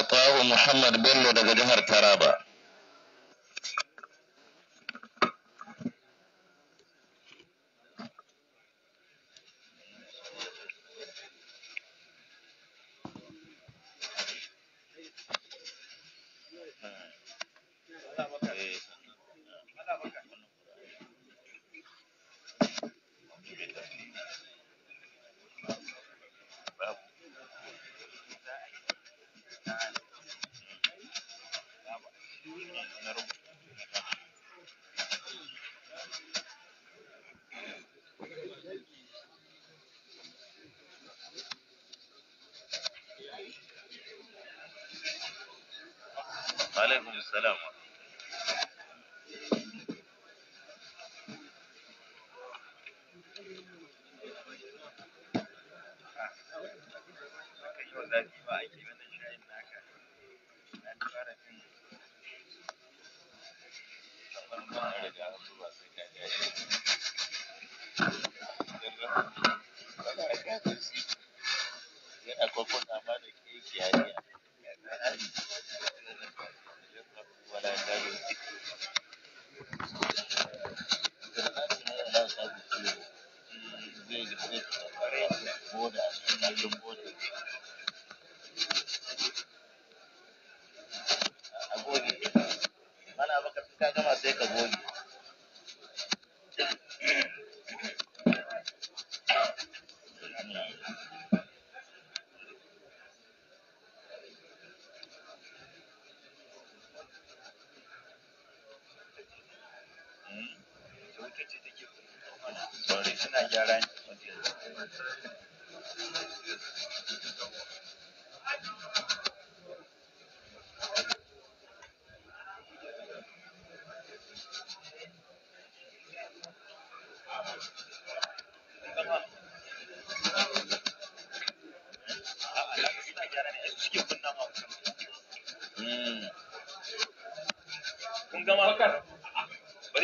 Atahu Muhammad Bello daga jihar Taraba.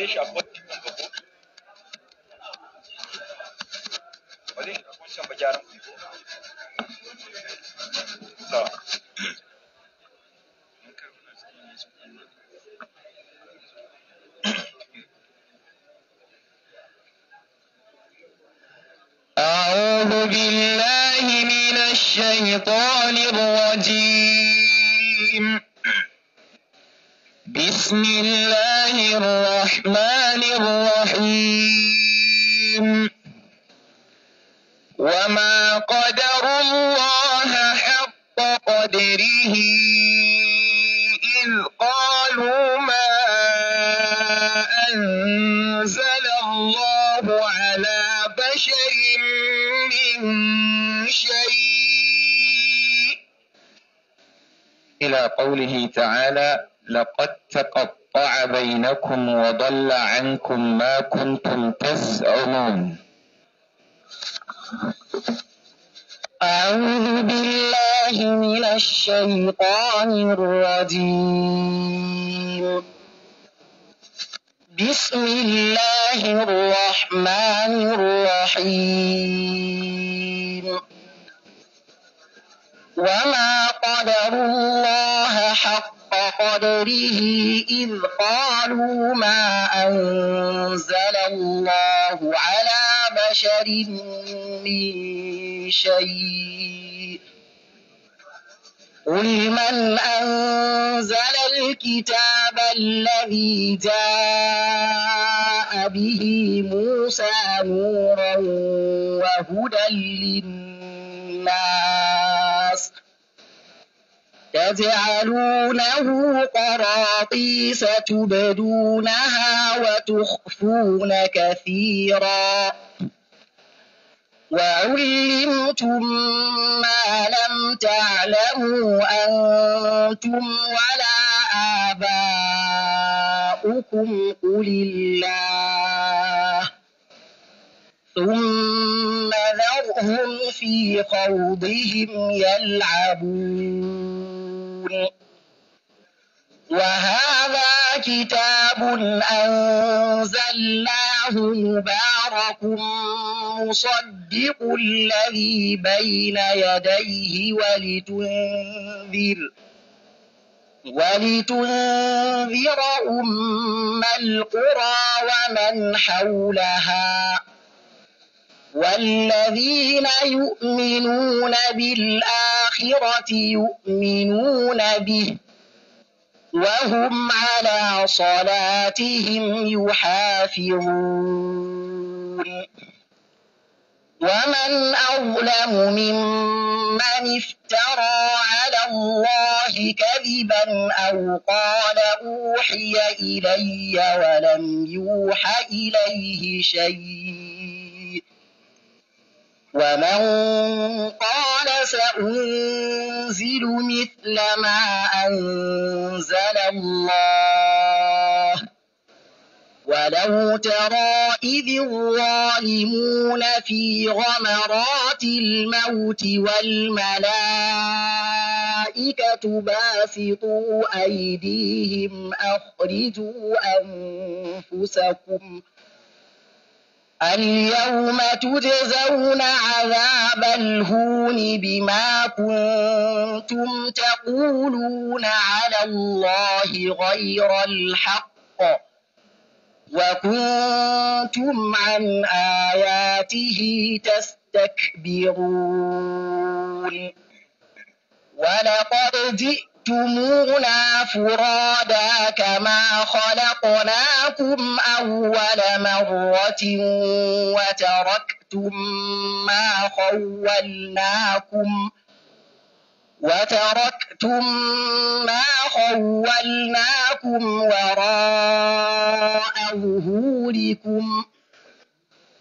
deixa, pode إلى قوله تعالى لقد تقطع بينكم وضل عنكم ما كنتم تزعمون أعوذ بالله من الشيطان الرجيم بسم الله الرحمن الرحيم وما قدروا الله حق قدره إذ قالوا ما أنزل الله على بشر من شيء قل من أنزل الكتاب الذي جاء به موسى نورا وهدى للناس تجعلونه قراطيس تبدونها وتخفون كثيرا وعلمتم ما لم تعلموا أنتم ولا آباؤكم قل الله ثم ذرهم في خوضهم يلعبون وهذا كتاب أنزلناه مبارك مصدق الذي بين يديه ولتنذر ولتنذر أم القرى ومن حولها والذين يؤمنون بالآخرة يؤمنون به وهم على صلاتهم يحافظون ومن أظلم ممن افترى على الله كذبا أو قال أوحي إلي ولم يوحى إليه شيء ومن قال سأنزل مثل ما أنزل الله ولو ترى إذ الظالمون في غمرات الموت والملائكة باسطوا أيديهم أخرجوا أنفسكم ۖ اليوم تجزون عذاب الهون بما كنتم تقولون على الله غير الحق وكنتم عن آياته تستكبرون ولقد جئتم جئتمونا فرادا كما خلقناكم أول مرة وتركتم ما خولناكم وتركتم ما خولناكم وراء ظهوركم ۖ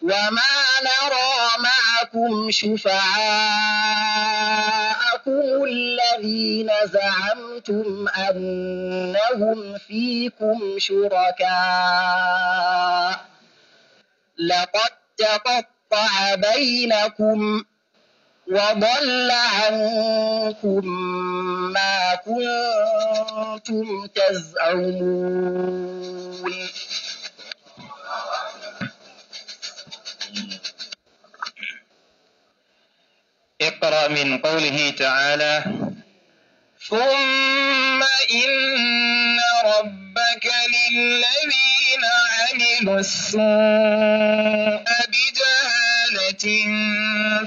وما نرى معكم شفعاءكم الذين زعمتم أنهم فيكم شركاء لقد تقطع بينكم وضل عنكم ما كنتم تزعمون اقرأ من قوله تعالى ثم إن ربك للذين عملوا السوء بجهالة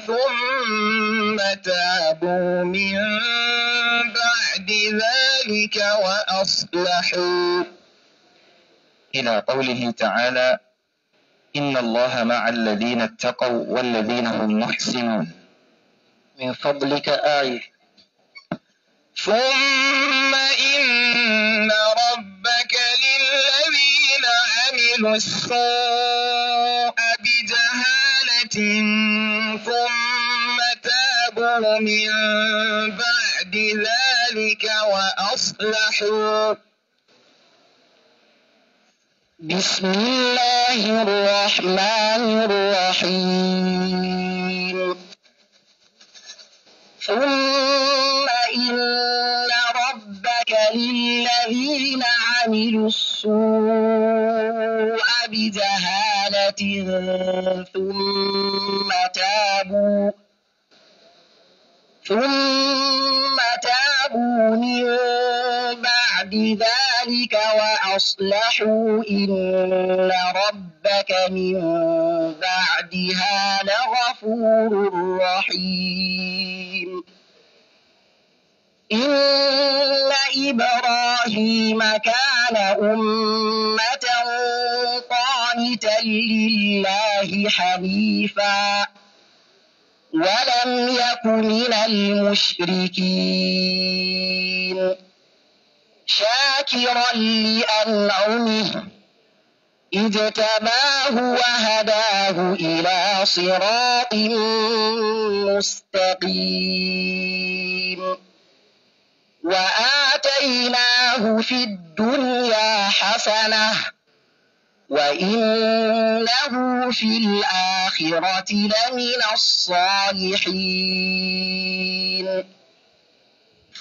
ثم تابوا من بعد ذلك وأصلحوا إلى قوله تعالى إن الله مع الذين اتقوا والذين هم محسنون من فضلك آية ثم إن ربك للذين عملوا السوء بجهالة ثم تابوا من بعد ذلك وأصلحوا بسم الله الرحمن الرحيم ثم إن ربك للذين عملوا السوء بجهالة ثم تابوا ثم تابوا من بعد ذلك وأصلحوا إن ربك من بعدها لغفور رحيم إن إبراهيم كان أمة قانتا لله حنيفا ولم يك من المشركين شاكرا لأنعمه اجتباه وهداه إلى صراط مستقيم وآتيناه في الدنيا حسنة وإنه في الآخرة لمن الصالحين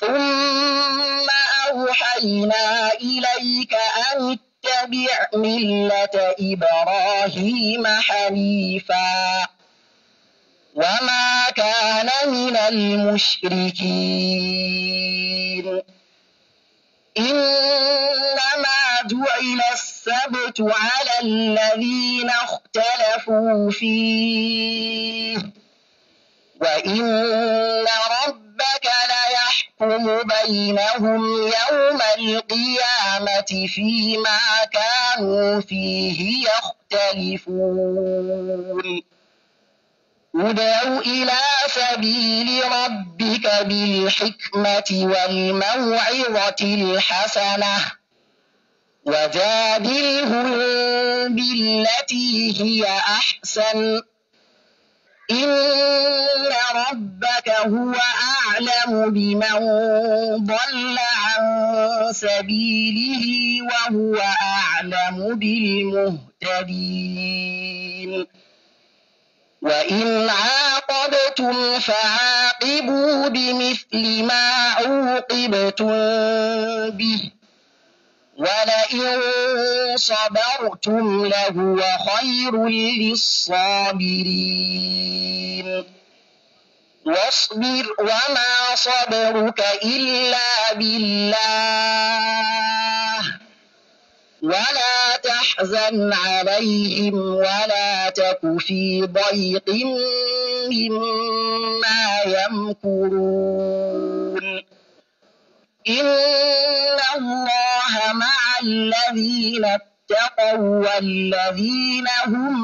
ثم أوحينا إليك أن اتبع ملة إبراهيم حنيفاً وما كان من المشركين إنما جعل السبت على الذين اختلفوا فيه وإن ربك ليحكم بينهم يوم القيامة فيما كانوا فيه يختلفون ادعوا إلى سبيل ربك بالحكمة والموعظة الحسنة وجادلهم بالتي هي أحسن إن ربك هو أعلم بمن ضل عن سبيله وهو أعلم بالمهتدين وإن عاقبتم فعاقبوا بمثل ما عوقبتم به ولئن صبرتم لهو خير للصابرين واصبر وما صبرك إلا بالله ولا تحزن عليهم ولا تك في ضيق مما يمكرون إن الله مع الذين اتقوا والذين هم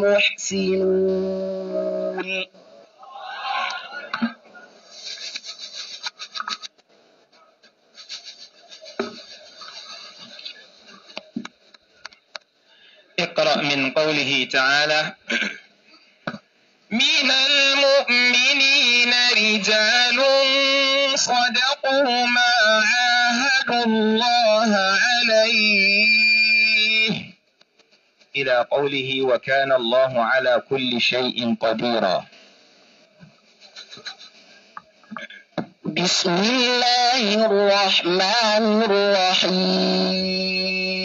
محسنون اقرأ من قوله تعالى من المؤمنين رجال صدقوا ما عاهدوا الله عليه إلى قوله وكان الله على كل شيء قديرا بسم الله الرحمن الرحيم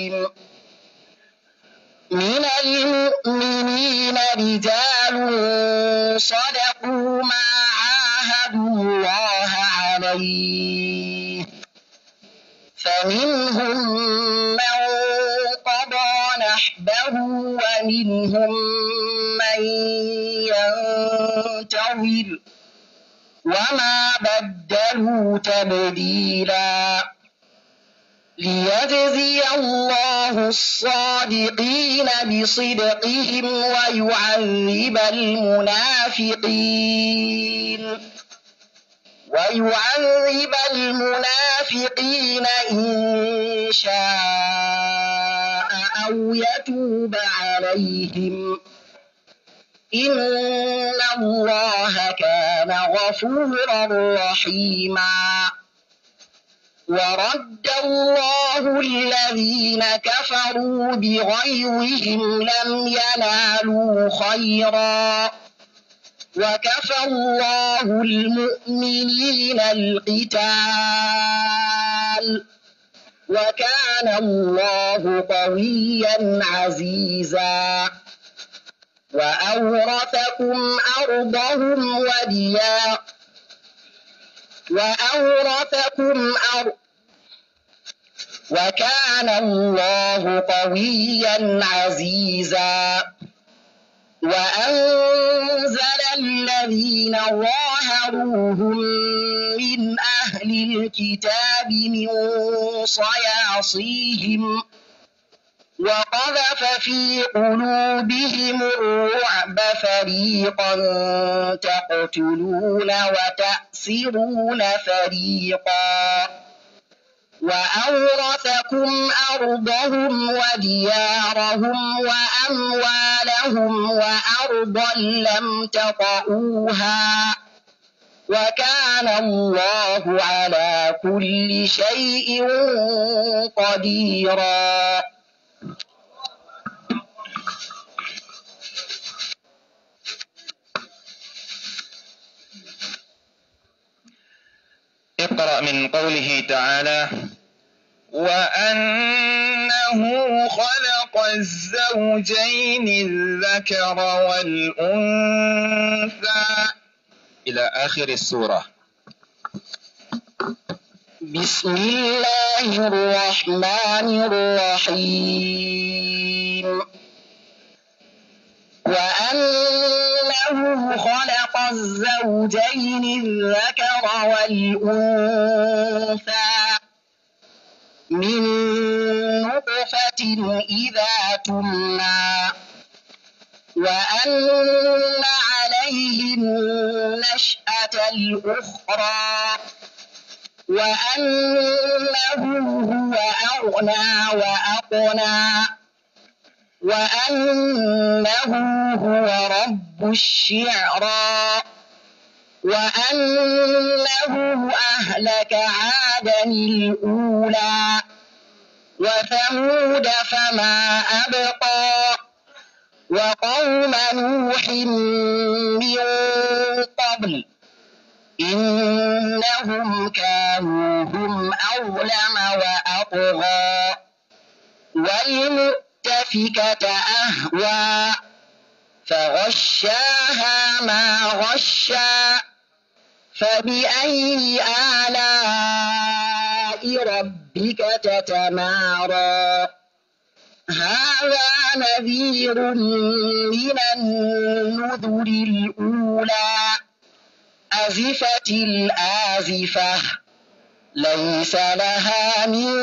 من المؤمنين رجال صدقوا ما عاهدوا الله عليه فمنهم من قضى نحبه ومنهم من ينتظر وما بدلوا تبديلاً ليجزي الله الصادقين بصدقهم ويعذب المنافقين ويعذب المنافقين إن شاء أو يتوب عليهم إن الله كان غفورا رحيما ورد الله الذين كفروا بغيظهم لم ينالوا خيرا وكفى الله المؤمنين القتال وكان الله قويا عزيزا وأورثكم أرضهم وديا وأورثكم أرضهم وكان الله قويا عزيزا وأنزل الذين ظاهروهم من أهل الكتاب من صياصيهم وقذف في قلوبهم الرعب فريقا تقتلون وتأسرون فريقا وأورثكم أرضهم وديارهم وأموالهم وأرضا لم تطئوها وكان الله على كل شيء قديراً اقرأ من قوله تعالى وأنه خلق الزوجين الذكر والأنثى إلى آخر السورة بسم الله الرحمن الرحيم وأن أنه خلق الزوجين الذكر والأنثى من نطفة إذا تمنى وأن عليه النشأة الأخرى وأنه هو أغنى وأقنى وأنه هو رب الشعرى وأنه أهلك عادا الأولى وثمود فما أبقى وقوم نوح من قبل إنهم كانوا هم أظلم وأطغى والمؤمنين المؤتفكة أهوى فغشاها ما غشا فبأي آلاء ربك تتمارى هذا نذير من النذر الأولى أزفت الآزفة ليس لها من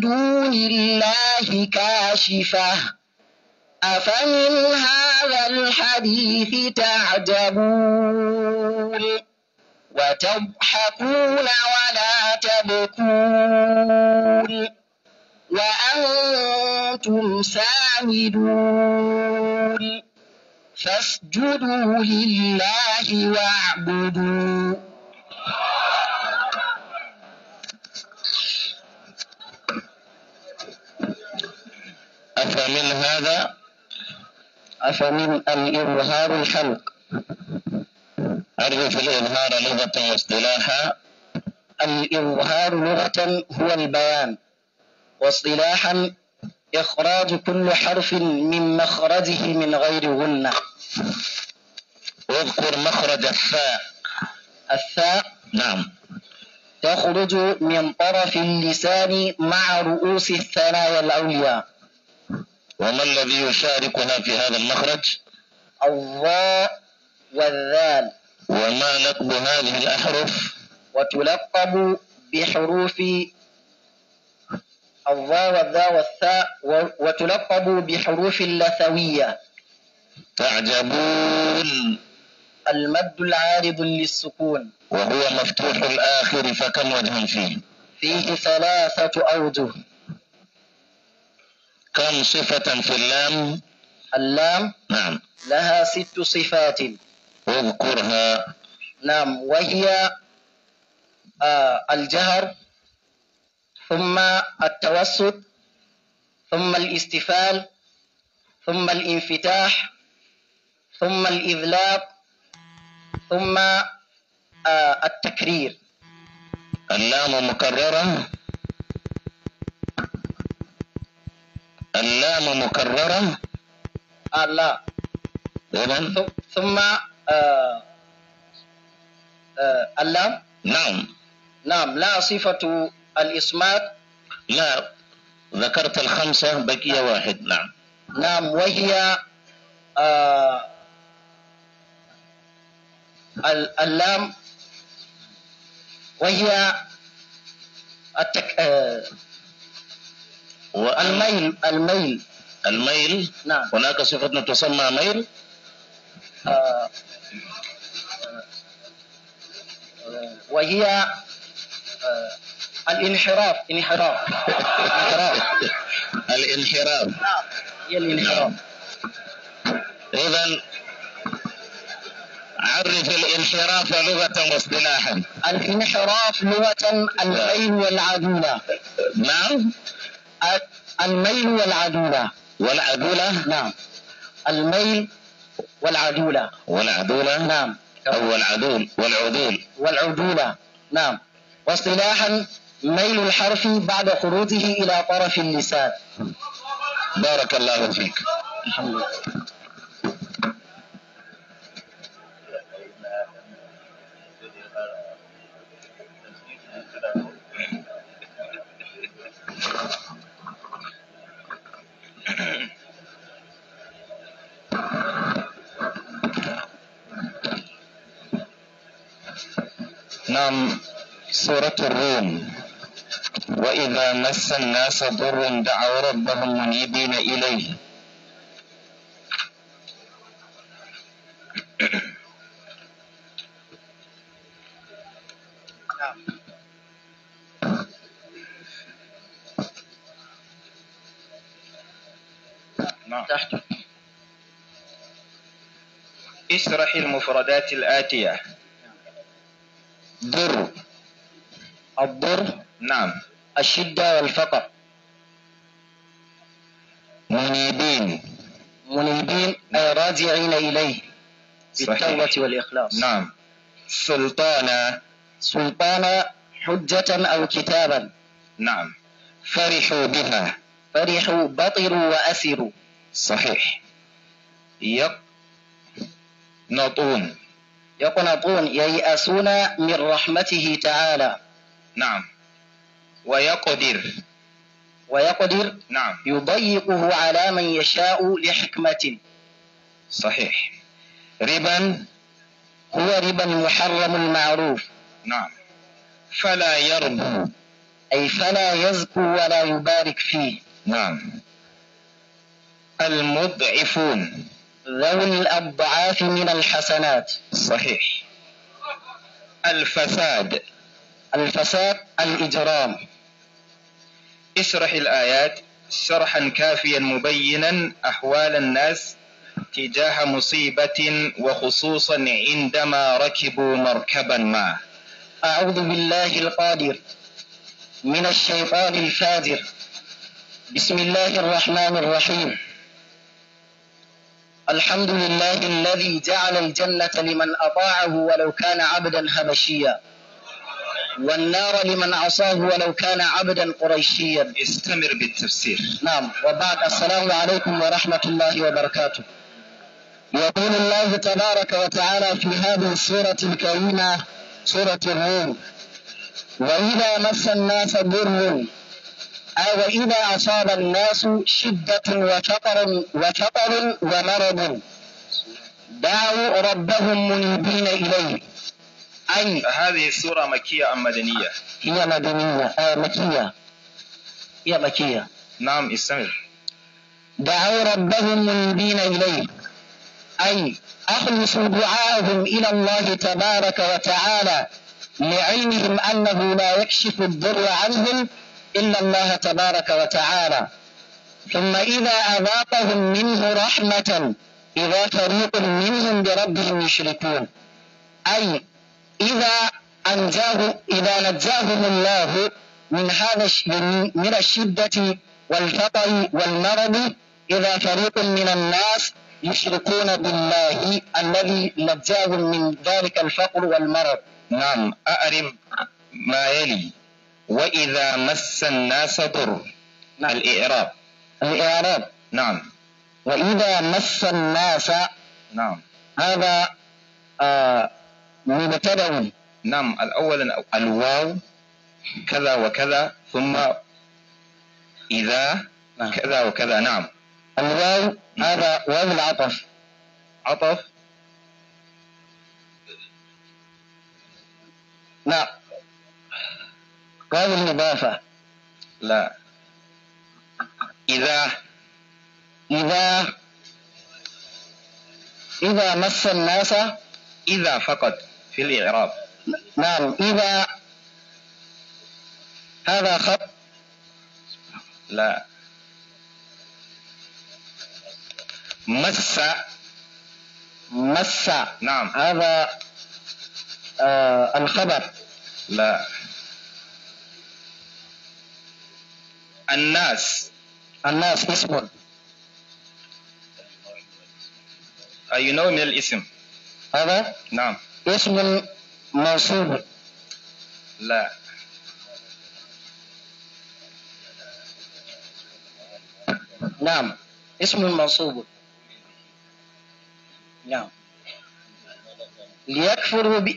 دون الله كاشفة أفمن هذا الحديث تعجبون وتضحكون ولا تبكون وأنتم سامدون فاسجدوا لله واعبدوا أفمن هذا أفمن الإظهار الحلق أعرف الإظهار لغة واصطلاحا الإظهار لغة هو البيان واصطلاحا إخراج كل حرف من مخرجه من غير غنة اذكر مخرج الثاء الثاء نعم تخرج من طرف اللسان مع رؤوس الثنايا العليا وما الذي يشاركنا في هذا المخرج الظاء والذال وما لقب هذه الأحرف وتلقب بحروف الظاء والذاء والثاء وتلقب بحروف اللثوية تعجبون المد العارض للسكون وهو مفتوح الآخر فكم وجه فيه فيه ثلاثة أوجه كم صفة في اللام اللام نعم لها ست صفات اذكرها نعم وهي آه الجهر ثم التوسط ثم الاستفال ثم الانفتاح ثم الإذلاق ثم آه التكرير اللام مكررة اللام مكررة آه، لا ثم آه آه اللام نعم نعم لا صفة الإسمات لا ذكرت الخمسة بقي نعم. واحد نعم نعم وهي آه اللام وهي التك... آه، والميل الميل الميل نعم هناك صفة تسمى ميل آه، وهي آه، الانحراف انحراف انحراف الانحراف نعم هي الانحراف نعم. إذا عرف الانحراف لغة واصطلاحا الانحراف لغة الميل والعدولة نعم الميل والعدولة والعدولة نعم الميل والعدولة والعدولة نعم أو والعدول والعدول والعدولة نعم واصطلاحا ميل الحرف بعد خروجه إلى طرف اللسان بارك الله فيك الحمد لله نعم سورة الروم وإذا مس الناس ضر دعوا ربهم منيبين إليه اشرح المفردات الآتية در الضر نعم الشدة والفقر منيبين منيبين أي راجعين إليه بالتوبة والإخلاص نعم سلطانا سلطانا حجة أو كتابا نعم فرحوا بها فرحوا بطروا وأسروا صحيح يقنطون يقنطون ييأسون من رحمته تعالى نعم ويقدر ويقدر نعم يضيقه على من يشاء لحكمة صحيح ربا هو ربا محرم المعروف نعم فلا يربو أي فلا يزكو ولا يبارك فيه نعم المضعفون ذوي الأضعاف من الحسنات صحيح الفساد الفساد الإجرام اشرح الآيات شرحا كافيا مبينا أحوال الناس تجاه مصيبة وخصوصا عندما ركبوا مركبا ما أعوذ بالله القادر من الشيطان الفاجر بسم الله الرحمن الرحيم الحمد لله الذي جعل الجنة لمن أطاعه ولو كان عبدا هبشيا والنار لمن عصاه ولو كان عبدا قريشيا استمر بالتفسير نعم وبعد السلام عليكم ورحمة الله وبركاته يقول الله تبارك وتعالى في هذه السورة الكريمة سورة الروم وإذا مس الناس ضر أو إذا أصاب الناس شدة وشطر وشطر ومرض دعوا ربهم منيبين إليه أي هذه السورة مكية أم مدنية؟ هي مدنية آه مكية هي مكية نعم استمع دعوا ربهم منيبين إليه أي أخلصوا دعاءهم إلى الله تبارك وتعالى لعلمهم أنه لا يكشف الضر عنهم إلا الله تبارك وتعالى ثم إذا أذاقهم منه رحمة إذا فريق منهم بربهم يشركون أي إذا أنجاه إذا نجاهم الله من هذا من الشدة والفقر والمرض إذا فريق من الناس يشركون بالله الذي نجاهم من ذلك الفقر والمرض نعم أأرم ما يلي وإذا مس الناس ضر نعم. الإعراب الإعراب نعم وإذا مس الناس نعم هذا آه مبتدأ نعم الأول الواو كذا وكذا ثم إذا نعم. كذا وكذا نعم الواو هذا واو العطف عطف لا نعم. قال المضافة لا إذا إذا إذا مس الناس إذا فقط في الإعراب نعم إذا هذا خط لا مس مس نعم هذا آه الخبر لا الناس الناس اسم أي نوع من الاسم هذا نعم اسم منصوب لا نعم اسم منصوب نعم ليكفروا ب...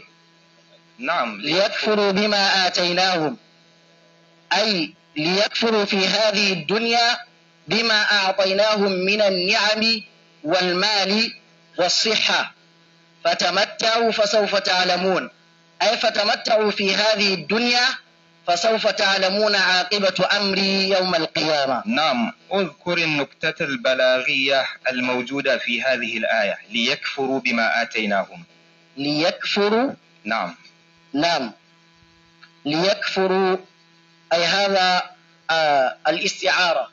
نعم ليكفروا بما آتيناهم أي ليكفروا في هذه الدنيا بما أعطيناهم من النعم والمال والصحة فتمتعوا فسوف تعلمون أي فتمتعوا في هذه الدنيا فسوف تعلمون عاقبة أمري يوم القيامة نعم اذكر النكتة البلاغية الموجودة في هذه الآية ليكفروا بما آتيناهم ليكفروا نعم نعم ليكفروا أي هذا آه الاستعارة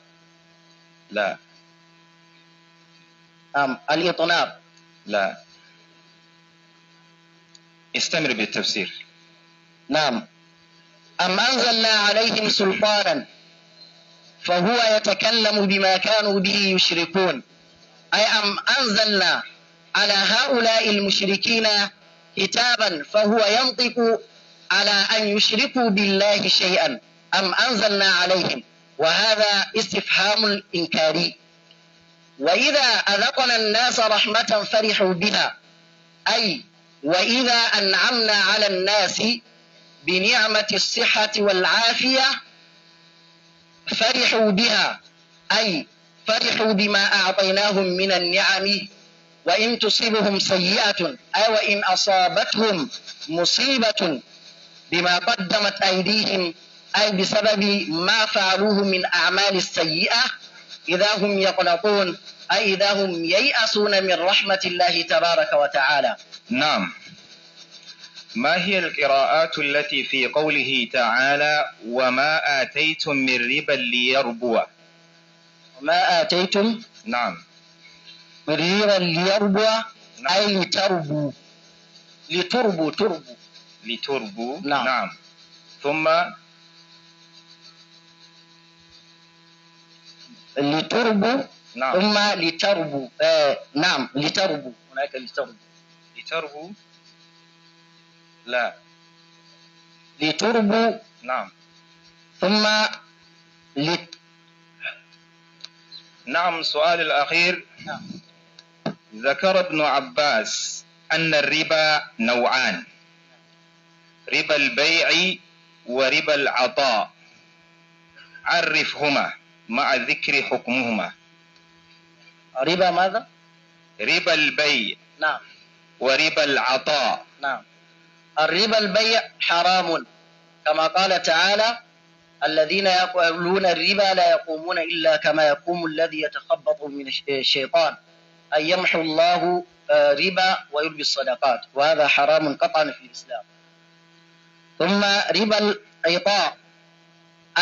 لا أم نعم، الإطناب لا استمر بالتفسير نعم أم أنزلنا عليهم سلطانا فهو يتكلم بما كانوا به يشركون أي أم أنزلنا على هؤلاء المشركين كتابا فهو ينطق على أن يشركوا بالله شيئا أم أنزلنا عليهم وهذا استفهام إنكاري وإذا أذقنا الناس رحمة فرحوا بها أي وإذا أنعمنا على الناس بنعمة الصحة والعافية فرحوا بها أي فرحوا بما أعطيناهم من النعم وإن تصيبهم سيئة أو إن أصابتهم مصيبة بما قدمت أيديهم أي بسبب ما فعلوه من أعمال السيئة إذا هم يقلقون أي إذا هم ييأسون من رحمة الله تبارك وتعالى نعم ما هي القراءات التي في قوله تعالى وما آتيتم من ربا ليربو وما آتيتم نعم من ربا ليربو نعم. أي لتربوا لتربو تربو لتربو نعم, نعم. ثم لتربو نعم ثم لتربو آه نعم لتربو هناك لتربو لتربو لا لتربو نعم ثم لت نعم سؤال الأخير نعم. ذكر ابن عباس أن الربا نوعان ربا البيع وربا العطاء عرفهما مع ذكر حكمهما ربا ماذا ربا البيع نعم وربا العطاء نعم الربا البيع حرام كما قال تعالى الذين يقولون الربا لا يقومون إلا كما يقوم الذي يتخبط من الشيطان أن يمحو الله آه، ربا ويلبي الصدقات وهذا حرام قطعا في الإسلام ثم ربا العطاء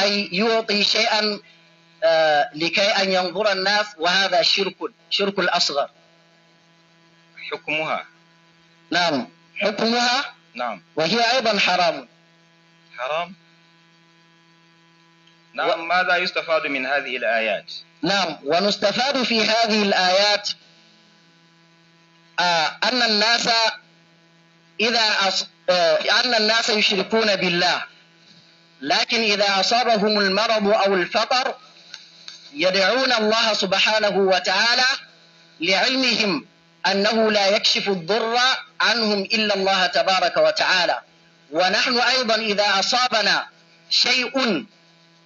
أي يعطي شيئا آه، لكي أن ينظر الناس وهذا شرك شرك الأصغر حكمها نعم حكمها نعم وهي أيضا حرام حرام نعم و... ماذا يستفاد من هذه الآيات نعم ونستفاد في هذه الآيات آه أن الناس إذا أص... آه أن الناس يشركون بالله لكن إذا أصابهم المرض أو الفقر يدعون الله سبحانه وتعالى لعلمهم أنه لا يكشف الضر عنهم إلا الله تبارك وتعالى ونحن أيضا إذا أصابنا شيء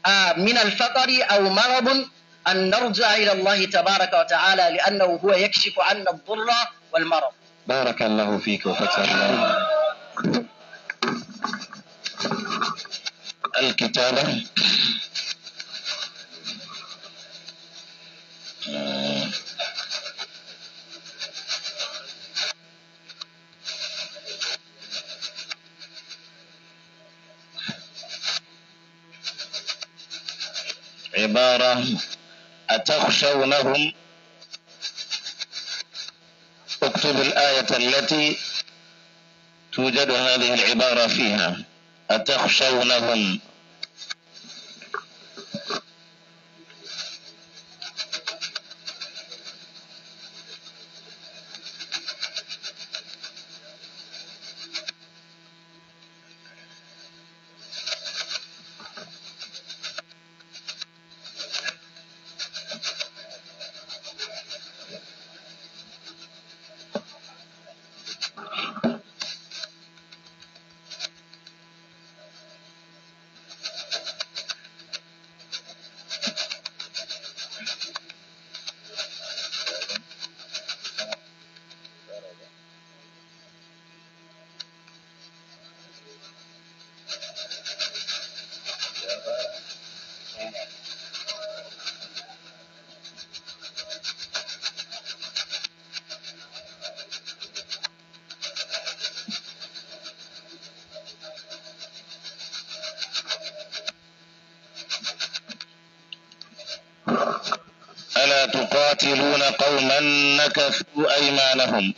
آه، من الفقر أو مرض أن نرجع إلى الله تبارك وتعالى لأنه هو يكشف عنا الضر والمرض بارك الله فيك وفتح الله الكتابة عبارة أتخشونهم اكتب الآية التي توجد هذه العبارة فيها أتخشونهم تقاتلون قوما نكثوا أيمانهم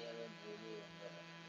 Bienvenido, hermano.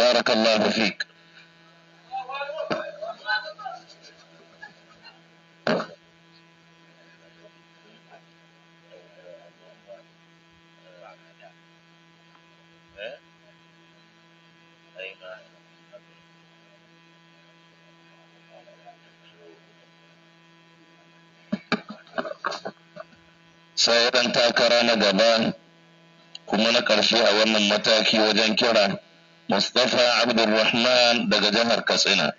الله فيك sauran takara na gaba kuma na ƙarshe a wannan mataki wajen kira مصطفى عبد الرحمن دغه جهر کسینه